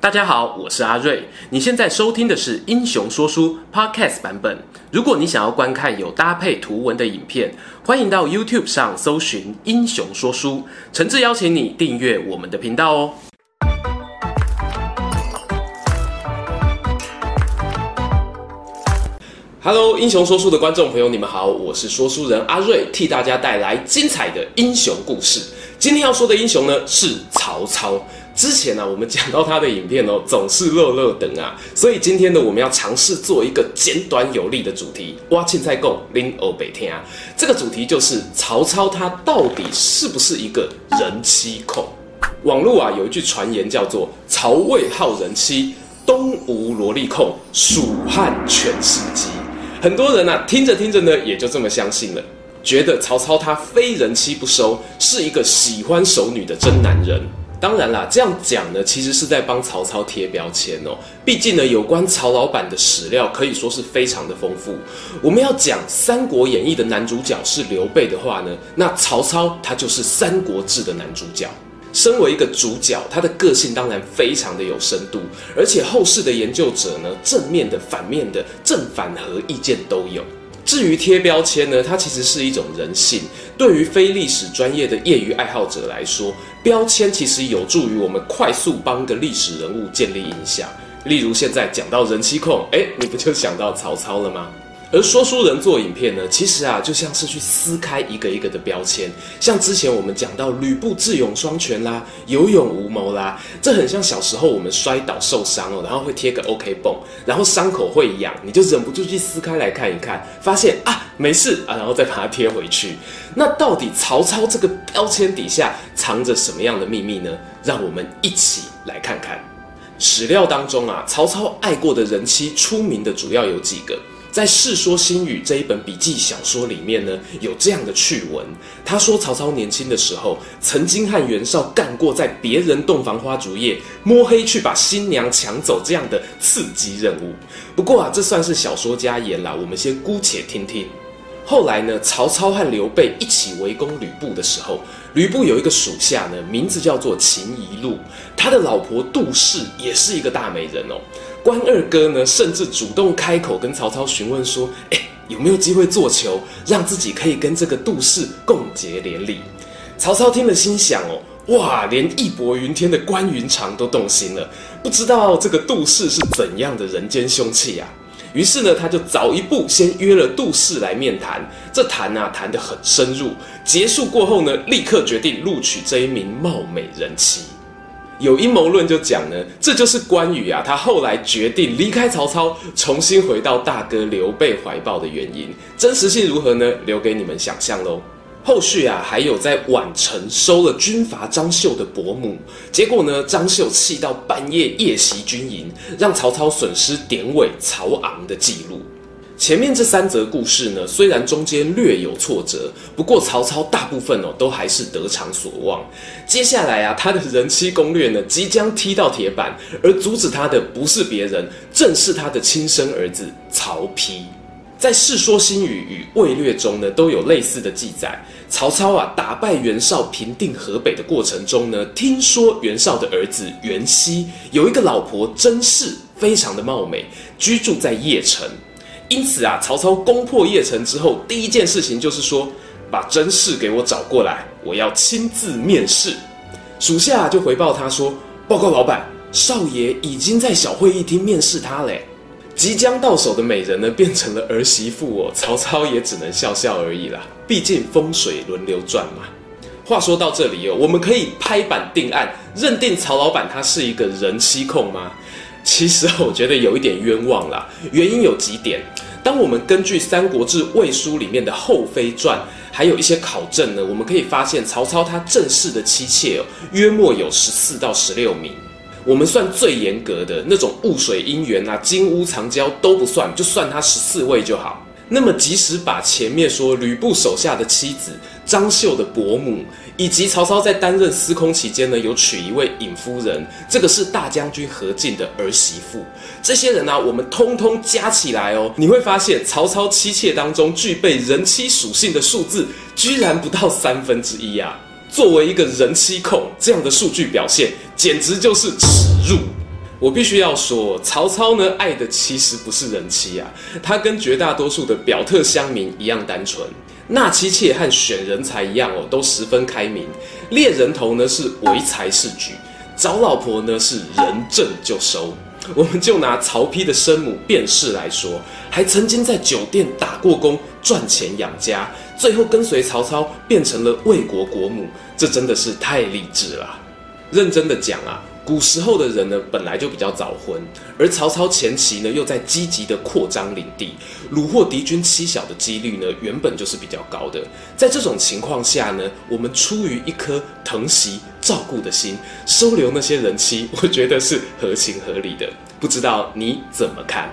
大家好，我是阿睿。你現在收聽的是《英雄說書》Podcast 版本。如果你想要觀看有搭配圖文的影片，歡迎到 YouTube 上搜尋《英雄說書》，誠摯邀請你訂閱我們的頻道哦。Hello，英雄說書的觀眾朋友，你們好，我是說書人阿睿，替大家帶來精彩的英雄故事。今天要說的英雄呢，是曹操。之前呢、啊，我們講到他的影片哦，總是落落長啊，所以今天呢，我們要嘗試做一個簡短有力的主題，挖青菜講，拎歐北聽啊。這個主題就是曹操他到底是不是一個人妻控？網絡啊有一句傳言叫做“曹魏好人妻，東吳蘿莉控，蜀漢全是雞”。很多人啊，聽着聽着呢，也就這麼相信了，覺得曹操他非人妻不收，是一個喜歡熟女的真男人。當然啦，這樣講呢，其實是在幫曹操貼標籤喔。畢竟呢，有關曹老板的史料可以說是非常的豐富。我們要講《三國演義》的男主角是劉備的話呢，那曹操他就是《三國志》的男主角。身為一個主角，他的個性當然非常的有深度，而且後世的研究者呢，正面的、反面的、正反合意見都有。至於貼標籤呢，它其實是一種人性。對於非歷史專業的業餘愛好者來說，標籤其實有助於我們快速幫個歷史人物建立印象。例如，現在講到人妻控，哎、欸，你不就想到曹操了嗎？而說書人做影片呢，其實啊，就像是去撕開一個一個的標籤。像之前我們講到呂布智勇雙全啦，有勇無謀啦，這很像小時候我們摔倒受傷哦、喔，然後會貼個 OK 繃，然後傷口會癢，你就忍不住去撕開來看一看，發現啊沒事啊，然後再把它貼回去。那到底曹操這個標籤底下藏着什麼樣的秘密呢？讓我們一起來看看。史料當中啊，曹操愛過的人妻出名的主要有幾個？在《世說新語》這一本筆記小說裡面呢，有這樣的趣聞，他說曹操年輕的時候，曾經和袁紹幹過在別人洞房花燭夜摸黑去把新娘搶走這樣的刺激任務。不過啊，這算是小說家言啦，我們先姑且聽聽。後來呢，曹操和劉備一起圍攻呂布的時候，呂布有一個屬下呢，名字叫做秦宜祿，他的老婆杜氏也是一個大美人哦、喔。關二哥呢，甚至主動開口跟曹操詢問說：“誒，有沒有機會做球，讓自己可以跟這個杜氏共結連理？”曹操聽了心想：“哦，哇，連義薄雲天的關雲長都動心了，不知道這個杜氏是怎樣的人間凶器啊！”於是呢，他就早一步先約了杜氏來面談。這談啊談得很深入，結束過後呢，立刻決定錄取這一名貌美人妻。有陰謀論就講呢，這就是關羽啊，他後來決定離開曹操，重新回到大哥劉備懷抱的原因。真實性如何呢？留給你們想象嘍。後續啊，還有在宛城收了軍閥張繡的伯母，結果呢，張繡氣到半夜夜襲軍營，讓曹操損失典韋、曹昂的記錄。前面這三則故事呢，雖然中間略有挫折，不過曹操大部分哦都還是得償所望。接下來啊，他的人妻攻略呢，即將踢到鐵板，而阻止他的不是別人，正是他的親生兒子曹丕。在《世說新語》與《魏略》中呢，都有類似的記載。曹操啊打敗袁紹、平定河北的過程中呢，聽說袁紹的兒子袁熙有一個老婆甄氏，非常的貌美，居住在鄴城。因此啊，曹操攻破鄴城之後，第一件事情就是說，把甄氏給我找過來，我要親自面試。屬下就回報他說：“報告老板，少爺已經在小會議廳面試他嘞，即將到手的美人呢，變成了兒媳婦哦。”曹操也只能笑笑而已啦，畢竟風水輪流轉嘛。話說到這裡哦，我們可以拍板定案，認定曹老板他是一個人妻控嗎？其實我覺得有一點冤枉啦。原因有幾點。當我們根據《三國志》《魏書》裡面的後妃傳，還有一些考證呢，我們可以發現曹操他正式的妻妾哦，約莫有十四到十六名。我們算最嚴格的那種霧水姻緣啊，金屋藏嬌都不算，就算他十四位就好。那麼，即使把前面說呂布手下的妻子張繡的伯母，以及曹操在擔任司空期間呢，有娶一位尹夫人，這個是大將軍何進的兒媳婦，這些人啊，我們通通加起來哦，你會發現曹操妻妾當中具備人妻屬性的數字，居然不到三分之一啊！作為一個人妻控，這樣的數據表現簡直就是恥辱。我必須要說，曹操呢，愛的其實不是人妻啊，他跟絕大多數的表特鄉民一樣單純。納妻妾和選人才一樣哦，都十分開明。獵人頭呢，是唯才是舉，找老婆呢，是人正就收。我們就拿曹丕的生母卞氏來說，還曾經在酒店打過工，賺錢養家，最後跟隨曹操變成了魏國國母。這真的是太勵志了。認真的講啊。古時候的人呢，本來就比較早婚，而曹操前期呢又在積極的擴張領地，虜獲敵軍妻小的幾率呢，原本就是比較高的。在這種情況下呢，我們出於一顆疼惜照顧的心，收留那些人妻，我覺得是合情合理的。不知道你怎麼看？